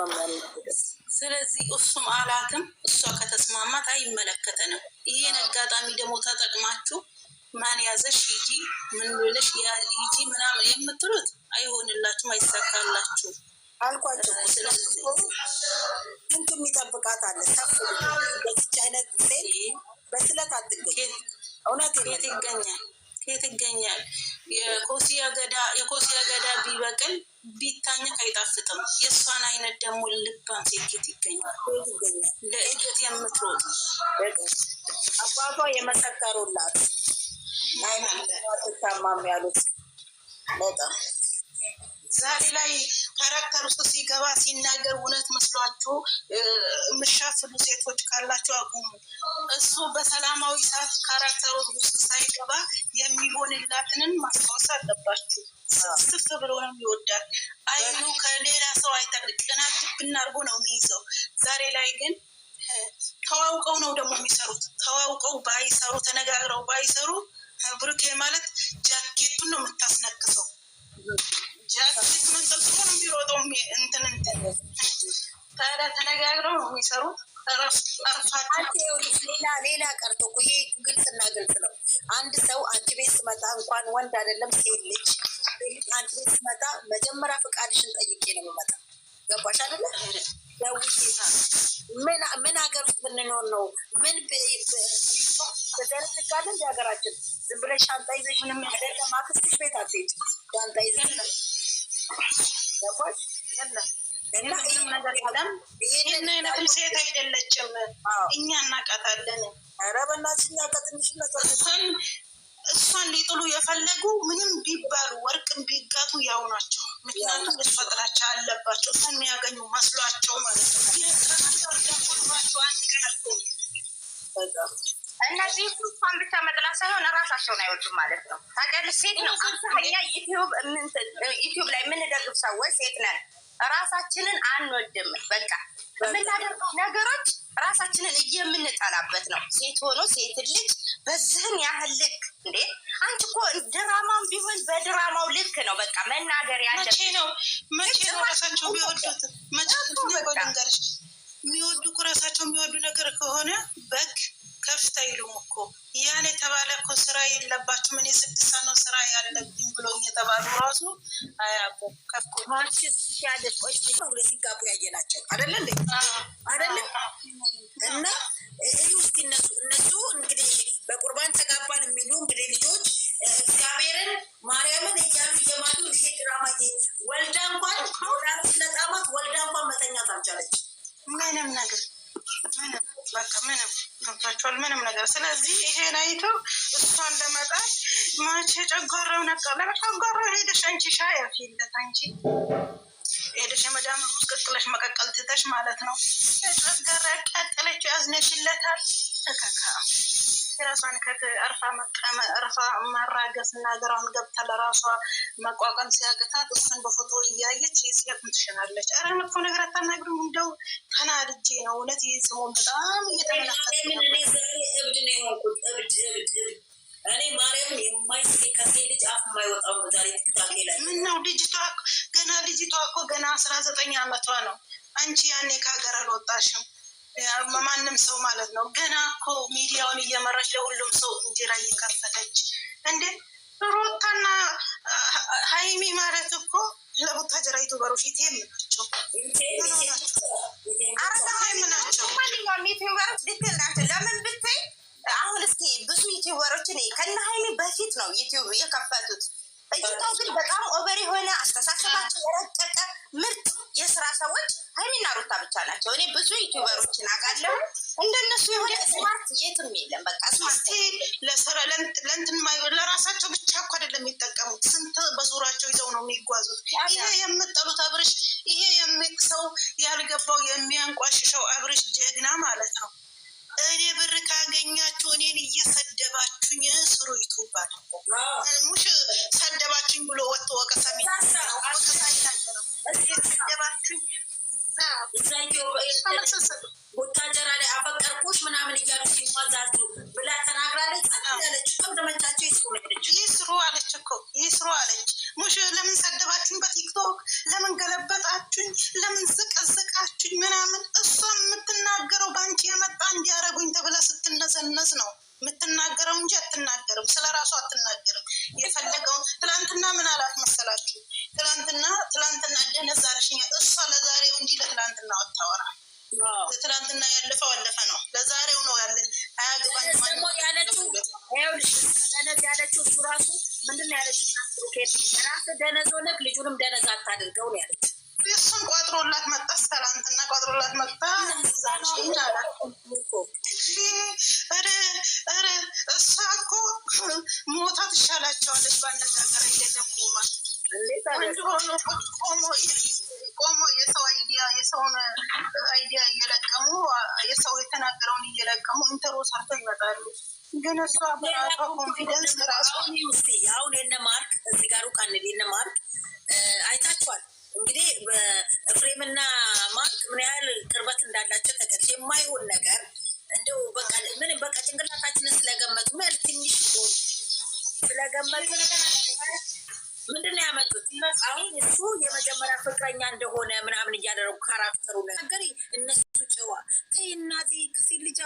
ነው የሚያደርገው። ስለዚህ እሱም አላትም እሷ ከተስማማት አይመለከተንም። ይሄን አጋጣሚ ደግሞ ተጠቅማችሁ ማን ያዘሽ ሂጂ ምን ብለሽ ሂጂ ምናምን የምትሉት አይሆንላችሁም፣ አይሳካላችሁ አልኳቸው። ስለዚህ ስንት የሚጠብቃት አለ ሰፍ በዚች አይነት ጊዜ በስለት አትገኝ። እውነት የት ይገኛል? የት ይገኛል? የኮሲያ ገዳ የኮሲያ ገዳ ቢበቅል ቢታኝ አይጣፍጥም። የእሷን አይነት ደግሞ ልባን ሴኬት ይገኛል ለእድገት የምትሮጥ አባቷ የመሰከሩላት አይነት ታማሚ ያሉት በጣም ዛሬ ላይ ካራክተር ውስጥ ሲገባ ሲናገር እውነት መስሏችሁ የምሻፍሉ ሴቶች ካላችሁ አቁሙ። እሱ በሰላማዊ ሰዓት ካራክተሩ ውስጥ ሳይገባ የሚሆንላትንን ማስታወስ አለባችሁ። ስፍ ብሎ ነው የሚወዳት። አይኑ ከሌላ ሰው አይጠቅም። ቅናት ብናርጎ ነው የሚይዘው። ዛሬ ላይ ግን ተዋውቀው ነው ደግሞ የሚሰሩት። ተዋውቀው ባይሰሩ ተነጋግረው ባይሰሩ ብሩኬ ማለት ጃኬቱን ነው የምታስነክሰው። ስመጣ እንኳን ወንድ አይደለም ሴት ልጅ አንድ ቤት ስመጣ መጀመሪያ ፈቃድሽን ጠይቄ ነው የምመጣ። ገባሽ አይደለ? ምን ሀገር ውስጥ ብንኖር ነው? ምን ዘረትጋለ እንዲ ሀገራችን ዝም ብለሽ ሻንጣ ይዘሽ ምንም አይደለም። ማክስትሽ ቤት አትሄጂ ሻንጣ ይዘሽ ገባሽ እና ይህን አይነትም ሴት አይደለችም። እኛ እናቃታለን። ኧረ በእናትሽ እኛ ከትንሽ እሷን ሊጥሉ የፈለጉ ምንም ቢባሉ ወርቅም ቢጋቱ ያው ናቸው። ምክንያቱም እሷ አለባቸው። እሱ የሚያገኙ መስሏቸው ማለት ነው። እነዚህ እሷን ብቻ መጥላት ሳይሆን እራሳቸውን አይወዱም ማለት ነው። ታውቂያለሽ፣ ሴት ነው አብዛኛ ዩቲዩብ ላይ የምንደግፍ ሰዎች ሴት ነን። ራሳችንን አንወድም። በቃ የምናደርገው ነገሮች ራሳችንን እየምንጠላበት ነው። ሴት ሆኖ ሴት ልጅ በዚህን ያህል ልክ እንዴት መናገር ያለ ነው። መቼ ራሳቸው የሚወዱ ነገር ከሆነ በግ ከፍታ ይሉም እኮ ያን የተባለ እኮ ስራ የለባቸው ምን የስድስት ነው ስራ ያለብኝ ብሎ የተባሉ ራሱ አያውቁም። ሲጋቡ ያየናቸው አይደለ እንዴ? አይደለም እና ስለዚህ ይሄን አይተው እሷን ለመጣል መቼ ጨጓራው ነቃ። ለጨጓራው ሄደሽ አንቺ ሻይ አፍይለት አንቺ ሄደሽ መዳም ውስጥ ቅጥለሽ መቀቀል ትተሽ ማለት ነው። ጨጓራ ቀጥለች ያዝነሽለታል። እከካ የራሷን ከእርፋ እርፋ መራገፍ እና ገራውን ገብታ ለራሷ መቋቋም ሲያቅታት እሱን በፎቶ እያየች ይጽያቁን ትሸናለች። ኧረ መጥፎ ነገር አታናግሪም። እንደው ተናድጄ ነው እውነት ይህ ስሙን በጣም እየተመለከት ከሀገር አልወጣሽም። ማንም ሰው ማለት ነው። ገና እኮ ሚዲያውን እየመራች ለሁሉም ሰው እንጀራ እየከፈተች እንዴ! ሩታና ሀይሚ ማለት እኮ ለቦታ ጀራ ኢቴም ፊት አረጋ ሀይም ለምን ብትይ አሁን እስኪ ብዙ ዩቱበሮችን ከነ ሀይሚ በፊት ነው ዩቱብ የከፈቱት ናቸው። እኔ ብዙ ዩቱበሮችን አውቃለሁ። እንደነሱ የሆነ ስማርት የትም የለም። በቃ ስማርት ለእንትን ለራሳቸው ብቻ እኮ አይደለም የሚጠቀሙት፣ ስንት በዙራቸው ይዘው ነው የሚጓዙት። ይሄ የምጠሉት አብርሽ፣ ይሄ የሚቅሰው ያልገባው የሚያንቋሽሸው አብርሽ ጀግና ማለት ነው። እኔ ብር ካገኛችሁ እኔን እየሰደባችሁኝ ስሩ ይቱባል ሙሽ ሰደባችሁኝ ብሎ ወጥቶ ወቀሳ ሚሳ እዛ ላይ አፈቀርኩሽ ምናምን እያሉ ሲሟዛዙ ብላ ተናግራለች። ያለች ይስሩ አለች እኮ ይስሩ አለች። ሙሽ ለምን ሰደባችሁኝ? በቲክቶክ ለምን ገለበጣችሁኝ? ለምን ዝቅዝቃችሁኝ? ምናምን እሷ የምትናገረው በአንቺ የመጣ እንዲያረጉኝ ተብላ ስትነዘነዝ ነው የምትናገረው እንጂ አትናገርም፣ ስለ ራሱ አትናገርም። የፈለገውን ትላንትና ምን አላት መሰላችሁ? ትላንትና ትላንትና ደነዝ አርሽኛ እሷ ለዛሬው እንጂ ለትላንትና ወታወራ ትላንትና ያለፈው አለፈ ነው። ለዛሬው ነው ያለ ደግሞ ያለችው ደነዝ ያለችው እሱ ራሱ ምንድን ነው ያለችው? ራስ ደነዝ ሆነህ ልጁንም ደነዝ አታድርገው ነው ያለችው። እሱን ቋጥሮላት መጣ። ትላንትና ቋጥሮላት መጣ ዛሬ አላት የሰውን አይዲያ እየለቀሙ የሰው የተናገረውን እየለቀሙ ኢንተሮ ሰርተው ይመጣሉ። ግን እሷ በራሷ ኮንፊደንስ ራሷ አሁን የነ ማርክ እዚህ ጋር ቃል የነ ማርክ አይታችኋል። እንግዲህ ኤፍሬምና ማርክ ምን ያህል ቅርበት እንዳላቸው ነገር የማይሆን ነገር እንደው በቃ ምን በቃ ጭንቅላታችንን ስለገመጡ ምን ትንሽ ስለገመጡ ምንድን ነው ያመጡት? አሁን እሱ የመጀመሪያ ፍቅረኛ እንደሆነ ምናምን እያደረጉ ካራክተሩ ነገር እነሱ ጭዋ ተይ እናቴ ከሴት ልጅ